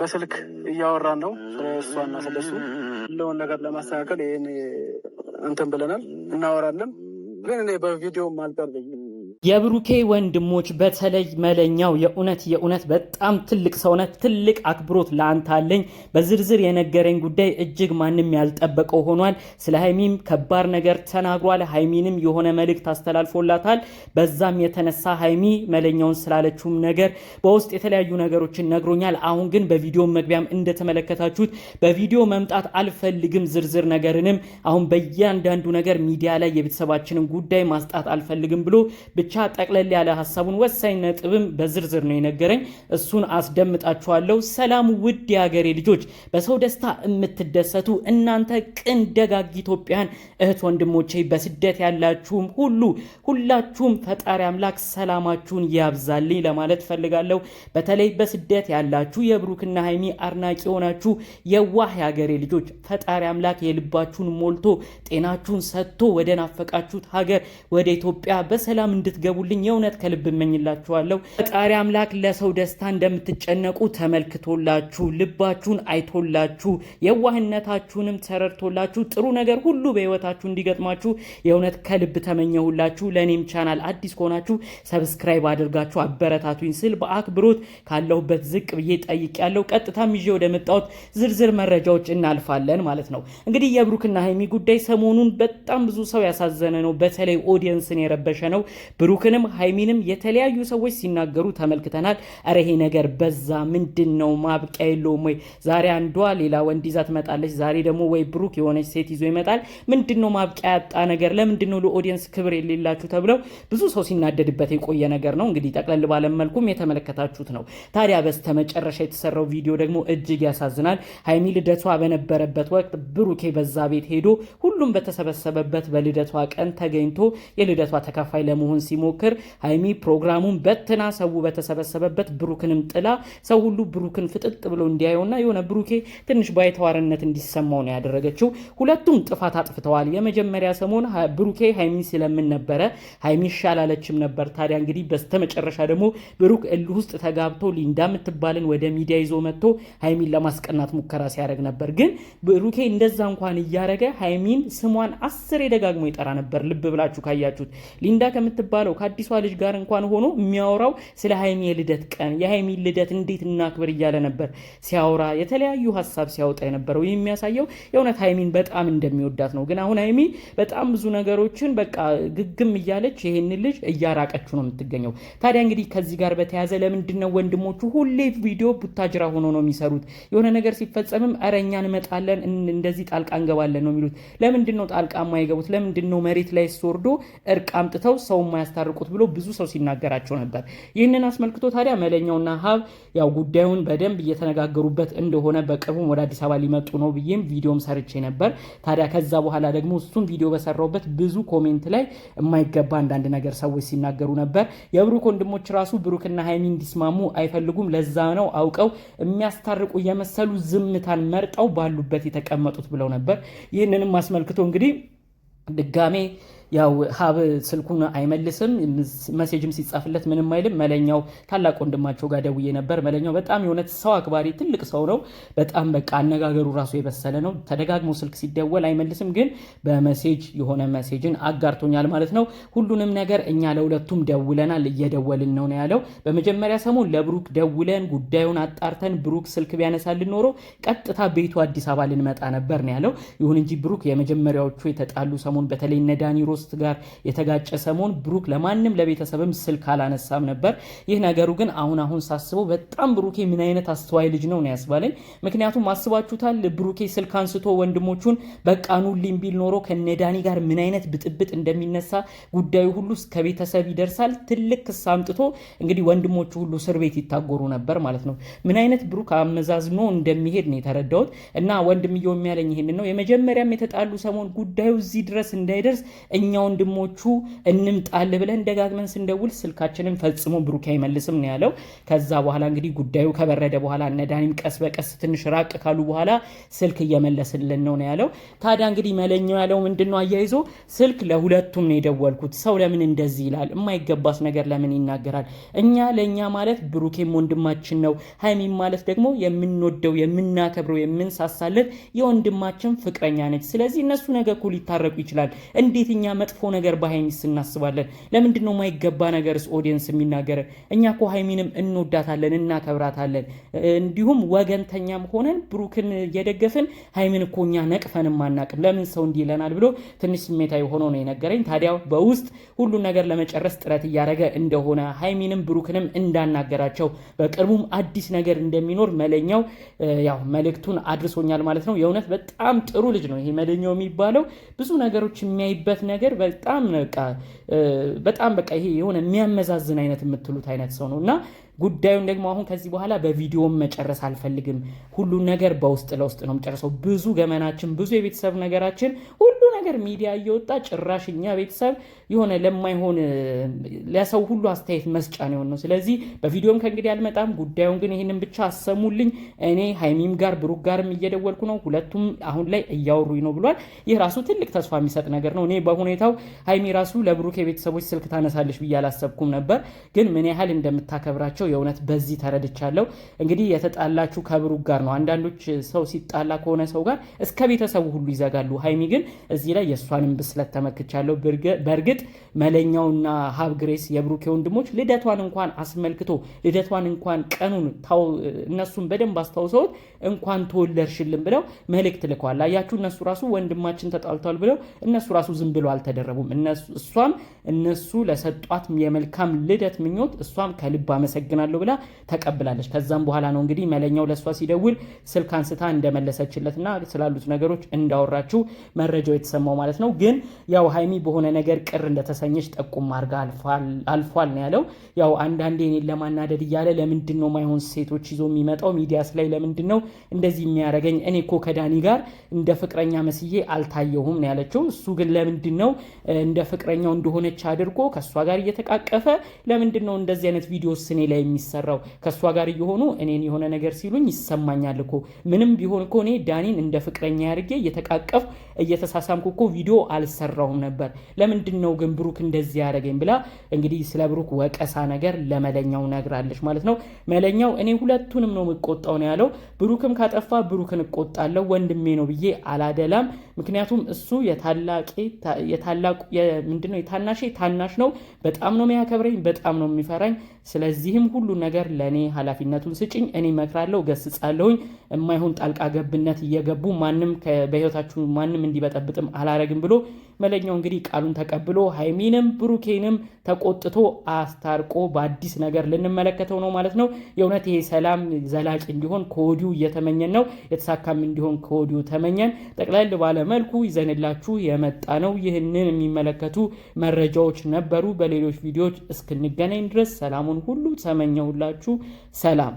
በስልክ እያወራን ነው ስለ እሷና ስለ እሱ ያለውን ነገር ለማስተካከል ይህን እንትን ብለናል፣ እናወራለን። ግን እኔ በቪዲዮም አልቀርብኝ የብሩኬ ወንድሞች በተለይ መለኛው የእውነት የእውነት በጣም ትልቅ ሰውነት ትልቅ አክብሮት ለአንተ አለኝ። በዝርዝር የነገረኝ ጉዳይ እጅግ ማንም ያልጠበቀው ሆኗል። ስለ ሀይሚም ከባድ ነገር ተናግሯል። ሀይሚንም የሆነ መልእክት አስተላልፎላታል። በዛም የተነሳ ሀይሚ መለኛውን ስላለችውም ነገር በውስጥ የተለያዩ ነገሮችን ነግሮኛል። አሁን ግን በቪዲዮ መግቢያም እንደተመለከታችሁት በቪዲዮ መምጣት አልፈልግም፣ ዝርዝር ነገርንም አሁን በእያንዳንዱ ነገር ሚዲያ ላይ የቤተሰባችንን ጉዳይ ማስጣት አልፈልግም ብሎ ብቻ ጠቅለል ያለ ሀሳቡን ወሳኝ ነጥብም በዝርዝር ነው የነገረኝ። እሱን አስደምጣችኋለሁ። ሰላም ውድ የሀገሬ ልጆች፣ በሰው ደስታ የምትደሰቱ እናንተ ቅን ደጋግ ኢትዮጵያን እህት ወንድሞቼ፣ በስደት ያላችሁም ሁሉ ሁላችሁም ፈጣሪ አምላክ ሰላማችሁን ያብዛልኝ ለማለት ፈልጋለሁ። በተለይ በስደት ያላችሁ የብሩክና ሀይሚ አድናቂ የሆናችሁ የዋህ የሀገሬ ልጆች ፈጣሪ አምላክ የልባችሁን ሞልቶ ጤናችሁን ሰጥቶ ወደ ናፈቃችሁት ሀገር ወደ ኢትዮጵያ በሰላም እንድት እንድትገቡልኝ የእውነት ከልብ እመኝላችኋለሁ። ፈጣሪ አምላክ ለሰው ደስታ እንደምትጨነቁ ተመልክቶላችሁ ልባችሁን አይቶላችሁ የዋህነታችሁንም ተረድቶላችሁ ጥሩ ነገር ሁሉ በህይወታችሁ እንዲገጥማችሁ የእውነት ከልብ ተመኘሁላችሁ። ለእኔም ቻናል አዲስ ከሆናችሁ ሰብስክራይብ አድርጋችሁ አበረታቱኝ ስል በአክብሮት ካለሁበት ዝቅ ብዬ ጠይቄያለሁ። ቀጥታም ይዤ ወደ መጣሁት ዝርዝር መረጃዎች እናልፋለን ማለት ነው። እንግዲህ የብሩክና ሀይሚ ጉዳይ ሰሞኑን በጣም ብዙ ሰው ያሳዘነ ነው። በተለይ ኦዲየንስን የረበሸ ነው። ብሩክንም ሀይሚንም የተለያዩ ሰዎች ሲናገሩ ተመልክተናል። እረ ይሄ ነገር በዛ ምንድን ነው ማብቂያ የለውም ወይ? ዛሬ አንዷ ሌላ ወንድ ይዛ ትመጣለች፣ ዛሬ ደግሞ ወይ ብሩክ የሆነች ሴት ይዞ ይመጣል። ምንድን ነው ማብቂያ ያጣ ነገር? ለምንድን ነው ለኦዲየንስ ክብር የሌላችሁ ተብለው ብዙ ሰው ሲናደድበት የቆየ ነገር ነው። እንግዲህ ጠቅለል ባለ መልኩም የተመለከታችሁት ነው። ታዲያ በስተመጨረሻ የተሰራው ቪዲዮ ደግሞ እጅግ ያሳዝናል። ሀይሚ ልደቷ በነበረበት ወቅት ብሩኬ በዛ ቤት ሄዶ ሁሉም በተሰበሰበበት በልደቷ ቀን ተገኝቶ የልደቷ ተካፋይ ለመሆን ሲ ሲሞክር ሀይሚ ፕሮግራሙን በትና ሰው በተሰበሰበበት ብሩክንም ጥላ ሰው ሁሉ ብሩክን ፍጥጥ ብሎ እንዲያየውና የሆነ ብሩኬ ትንሽ ባይተዋርነት እንዲሰማው ነው ያደረገችው። ሁለቱም ጥፋት አጥፍተዋል። የመጀመሪያ ሰሞን ብሩኬ ሀይሚ ስለምን ነበረ ሀይሚ ይሻላለችም ነበር። ታዲያ እንግዲህ በስተመጨረሻ ደግሞ ብሩክ እልህ ውስጥ ተጋብቶ ሊንዳ የምትባልን ወደ ሚዲያ ይዞ መጥቶ ሀይሚን ለማስቀናት ሙከራ ሲያደርግ ነበር። ግን ብሩኬ እንደዛ እንኳን እያደረገ ሀይሚን ስሟን አስር ደጋግሞ ይጠራ ነበር። ልብ ብላችሁ ካያችሁት ሊንዳ ከምትባለው ነው ከአዲሷ ልጅ ጋር እንኳን ሆኖ የሚያወራው ስለ ሀይሚ ልደት ቀን የሀይሚ ልደት እንዴት እናክብር እያለ ነበር ሲያወራ፣ የተለያዩ ሀሳብ ሲያወጣ የነበረው የሚያሳየው የእውነት ሀይሚን በጣም እንደሚወዳት ነው። ግን አሁን ሀይሚ በጣም ብዙ ነገሮችን በቃ ግግም እያለች ይህን ልጅ እያራቀችው ነው የምትገኘው። ታዲያ እንግዲህ ከዚህ ጋር በተያዘ ለምንድን ነው ወንድሞቹ ሁሌ ቪዲዮ ቡታጅራ ሆኖ ነው የሚሰሩት? የሆነ ነገር ሲፈጸምም እረኛ እኛ እንመጣለን፣ እንደዚህ ጣልቃ እንገባለን ነው የሚሉት። ለምንድን ነው ጣልቃ የማይገቡት? ለምንድን ነው መሬት ላይ ስወርዶ እርቅ አምጥተው ሰው የሚያስታርቁት ብሎ ብዙ ሰው ሲናገራቸው ነበር። ይህንን አስመልክቶ ታዲያ መለኛውና ሀብ ያው ጉዳዩን በደንብ እየተነጋገሩበት እንደሆነ በቅርቡም ወደ አዲስ አበባ ሊመጡ ነው ብዬም ቪዲዮም ሰርቼ ነበር። ታዲያ ከዛ በኋላ ደግሞ እሱም ቪዲዮ በሰራውበት ብዙ ኮሜንት ላይ የማይገባ አንዳንድ ነገር ሰዎች ሲናገሩ ነበር። የብሩክ ወንድሞች ራሱ ብሩክና ሀይሚ እንዲስማሙ አይፈልጉም። ለዛ ነው አውቀው የሚያስታርቁ የመሰሉ ዝምታን መርጠው ባሉበት የተቀመጡት ብለው ነበር። ይህንንም አስመልክቶ እንግዲህ ድጋሜ ያው ሀብ ስልኩን አይመልስም፣ መሴጅም ሲጻፍለት ምንም አይልም። መለኛው ታላቅ ወንድማቸው ጋር ደውዬ ነበር። መለኛው በጣም የሆነ ሰው አክባሪ ትልቅ ሰው ነው። በጣም በቃ አነጋገሩ ራሱ የበሰለ ነው። ተደጋግሞ ስልክ ሲደወል አይመልስም፣ ግን በመሴጅ የሆነ መሴጅን አጋርቶኛል ማለት ነው። ሁሉንም ነገር እኛ ለሁለቱም ደውለናል፣ እየደወልን ነው ነው ያለው። በመጀመሪያ ሰሞን ለብሩክ ደውለን ጉዳዩን አጣርተን ብሩክ ስልክ ቢያነሳልን ኖሮ ቀጥታ ቤቱ አዲስ አበባ ልንመጣ ነበር ነው ያለው። ይሁን እንጂ ብሩክ የመጀመሪያዎቹ የተጣሉ ሰሞን በተለይ ነዳኒሮ ሶስት ጋር የተጋጨ ሰሞን ብሩክ ለማንም ለቤተሰብም ስልክ አላነሳም ነበር። ይህ ነገሩ ግን አሁን አሁን ሳስበው በጣም ብሩኬ ምን አይነት አስተዋይ ልጅ ነው ነው ያስባለኝ። ምክንያቱም አስባችሁታል ብሩኬ ስልክ አንስቶ ወንድሞቹን በቃ ኑልኝ ቢል ኖሮ ከነዳኒ ጋር ምን አይነት ብጥብጥ እንደሚነሳ ጉዳዩ ሁሉ ከቤተሰብ ይደርሳል። ትልቅ ክስ አምጥቶ እንግዲህ ወንድሞቹ ሁሉ እስር ቤት ይታጎሩ ነበር ማለት ነው። ምን አይነት ብሩክ አመዛዝኖ እንደሚሄድ ነው የተረዳሁት። እና ወንድምየው የሚያለኝ ይሄንን ነው። የመጀመሪያም የተጣሉ ሰሞን ጉዳዩ እዚህ ድረስ እንዳይደርስ እኛ የእኛ ወንድሞቹ እንምጣል ብለን ደጋግመን ስንደውል ስልካችንን ፈጽሞ ብሩኬ አይመልስም ነው ያለው። ከዛ በኋላ እንግዲህ ጉዳዩ ከበረደ በኋላ እነ ዳኒም ቀስ በቀስ ትንሽ ራቅ ካሉ በኋላ ስልክ እየመለስልን ነው ነው ያለው። ታዲያ እንግዲህ መለኛው ያለው ምንድን ነው አያይዞ ስልክ ለሁለቱም ነው የደወልኩት። ሰው ለምን እንደዚህ ይላል? የማይገባስ ነገር ለምን ይናገራል? እኛ ለእኛ ማለት ብሩኬም ወንድማችን ነው፣ ሀይሚም ማለት ደግሞ የምንወደው የምናከብረው የምንሳሳለን የወንድማችን ፍቅረኛ ነች። ስለዚህ እነሱ ነገ እኮ ሊታረቁ ይችላል። እንዴት እኛ መጥፎ ነገር በሀይሚስ እናስባለን? ለምንድን ነው የማይገባ ነገርስ ኦዲየንስ የሚናገረ? እኛ እኮ ሀይሚንም እንወዳታለን፣ እናከብራታለን። እንዲሁም ወገንተኛም ሆነን ብሩክን እየደገፍን ሀይሚን እኮ እኛ ነቅፈንም አናቅም። ለምን ሰው እንዲህ ይለናል ብሎ ትንሽ ስሜታዊ ሆኖ ነው የነገረኝ። ታዲያ በውስጥ ሁሉን ነገር ለመጨረስ ጥረት እያደረገ እንደሆነ ሀይሚንም ብሩክንም እንዳናገራቸው በቅርቡም አዲስ ነገር እንደሚኖር መለኛው ያው መልእክቱን አድርሶኛል ማለት ነው። የእውነት በጣም ጥሩ ልጅ ነው ይሄ መለኛው የሚባለው ብዙ ነገሮች የሚያይበት ነገር ነገር በጣም በቃ በጣም በቃ ይሄ የሆነ የሚያመዛዝን አይነት የምትሉት አይነት ሰው ነው እና ጉዳዩን ደግሞ አሁን ከዚህ በኋላ በቪዲዮም መጨረስ አልፈልግም። ሁሉ ነገር በውስጥ ለውስጥ ነው የምጨርሰው። ብዙ ገመናችን፣ ብዙ የቤተሰብ ነገራችን ሁሉ ነገር ሚዲያ እየወጣ ጭራሽ እኛ ቤተሰብ የሆነ ለማይሆን ለሰው ሁሉ አስተያየት መስጫ ነው የሆነው። ስለዚህ በቪዲዮም ከእንግዲህ አልመጣም። ጉዳዩን ግን ይህንን ብቻ አሰሙልኝ። እኔ ሀይሚም ጋር ብሩክ ጋርም እየደወልኩ ነው፣ ሁለቱም አሁን ላይ እያወሩኝ ነው ብሏል። ይህ ራሱ ትልቅ ተስፋ የሚሰጥ ነገር ነው። እኔ በሁኔታው ሀይሚ ራሱ ለብሩክ የቤተሰቦች ስልክ ታነሳለች ብዬ አላሰብኩም ነበር፣ ግን ምን ያህል እንደምታከብራቸው የእውነት በዚህ ተረድቻለሁ። እንግዲህ የተጣላችሁ ከብሩክ ጋር ነው። አንዳንዶች ሰው ሲጣላ ከሆነ ሰው ጋር እስከ ቤተሰቡ ሁሉ ይዘጋሉ። ሀይሚ ግን በዚህ ላይ የእሷንም ብስለት ተመልክቻለሁ። በእርግጥ መለኛውና ሀብ ግሬስ የብሩኬ ወንድሞች ልደቷን እንኳን አስመልክቶ ልደቷን እንኳን ቀኑን እነሱን በደንብ አስታውሰውት እንኳን ተወለድሽልን ብለው መልእክት ልከዋል። አያችሁ እነሱ ራሱ ወንድማችን ተጣልቷል ብለው እነሱ ራሱ ዝም ብሎ አልተደረቡም። እሷም እነሱ ለሰጧት የመልካም ልደት ምኞት እሷም ከልብ አመሰግናለሁ ብላ ተቀብላለች። ከዛም በኋላ ነው እንግዲህ መለኛው ለእሷ ሲደውል ስልክ አንስታ እንደመለሰችለትና ስላሉት ነገሮች እንዳወራችው መረጃው የተሰማው ማለት ነው። ግን ያው ሀይሚ በሆነ ነገር ቅር እንደተሰኘች ጠቁም አድርጋ አልፏል ነው ያለው። ያው አንዳንዴ እኔን ለማናደድ እያለ ለምንድን ነው ማይሆን ሴቶች ይዞ የሚመጣው ሚዲያስ ላይ ለምንድን ነው እንደዚህ የሚያደርገኝ? እኔ እኮ ከዳኒ ጋር እንደ ፍቅረኛ መስዬ አልታየሁም ነው ያለችው። እሱ ግን ለምንድን ነው እንደ ፍቅረኛው እንደሆነች አድርጎ ከእሷ ጋር እየተቃቀፈ ለምንድን ነው እንደዚህ አይነት ቪዲዮስ እኔ ላይ የሚሰራው? ከእሷ ጋር እየሆኑ እኔን የሆነ ነገር ሲሉኝ ይሰማኛል እኮ ምንም ቢሆን እኮ እኔ ዳኒን እንደ ፍቅረኛ ያድርጌ እየተቃቀፍ እየተሳሳ ካልቻልኩ እኮ ቪዲዮ አልሰራውም ነበር፣ ለምንድን ነው ግን ብሩክ እንደዚህ ያደረገኝ ብላ እንግዲህ ስለ ብሩክ ወቀሳ ነገር ለመለኛው ነግራለች ማለት ነው። መለኛው እኔ ሁለቱንም ነው የምቆጣው ነው ያለው። ብሩክም ካጠፋ ብሩክን እቆጣለሁ፣ ወንድሜ ነው ብዬ አላደላም ምክንያቱም እሱ ምንድነው የታናሽ ታናሽ ነው። በጣም ነው የሚያከብረኝ፣ በጣም ነው የሚፈራኝ። ስለዚህም ሁሉ ነገር ለእኔ ኃላፊነቱን ስጭኝ፣ እኔ መክራለሁ፣ ገስጻለሁኝ። የማይሆን ጣልቃ ገብነት እየገቡ ማንም በህይወታችሁ ማንም እንዲበጠብጥም አላረግም ብሎ መለኛው እንግዲህ ቃሉን ተቀብሎ ሀይሚንም ብሩኬንም ተቆጥቶ አስታርቆ በአዲስ ነገር ልንመለከተው ነው ማለት ነው። የእውነት ይሄ ሰላም ዘላቂ እንዲሆን ከወዲሁ እየተመኘን ነው። የተሳካም እንዲሆን ከወዲሁ ተመኘን። ጠቅላይ ባለም መልኩ ይዘንላችሁ የመጣ ነው። ይህንን የሚመለከቱ መረጃዎች ነበሩ። በሌሎች ቪዲዮዎች እስክንገናኝ ድረስ ሰላሙን ሁሉ ተመኘሁላችሁ። ሰላም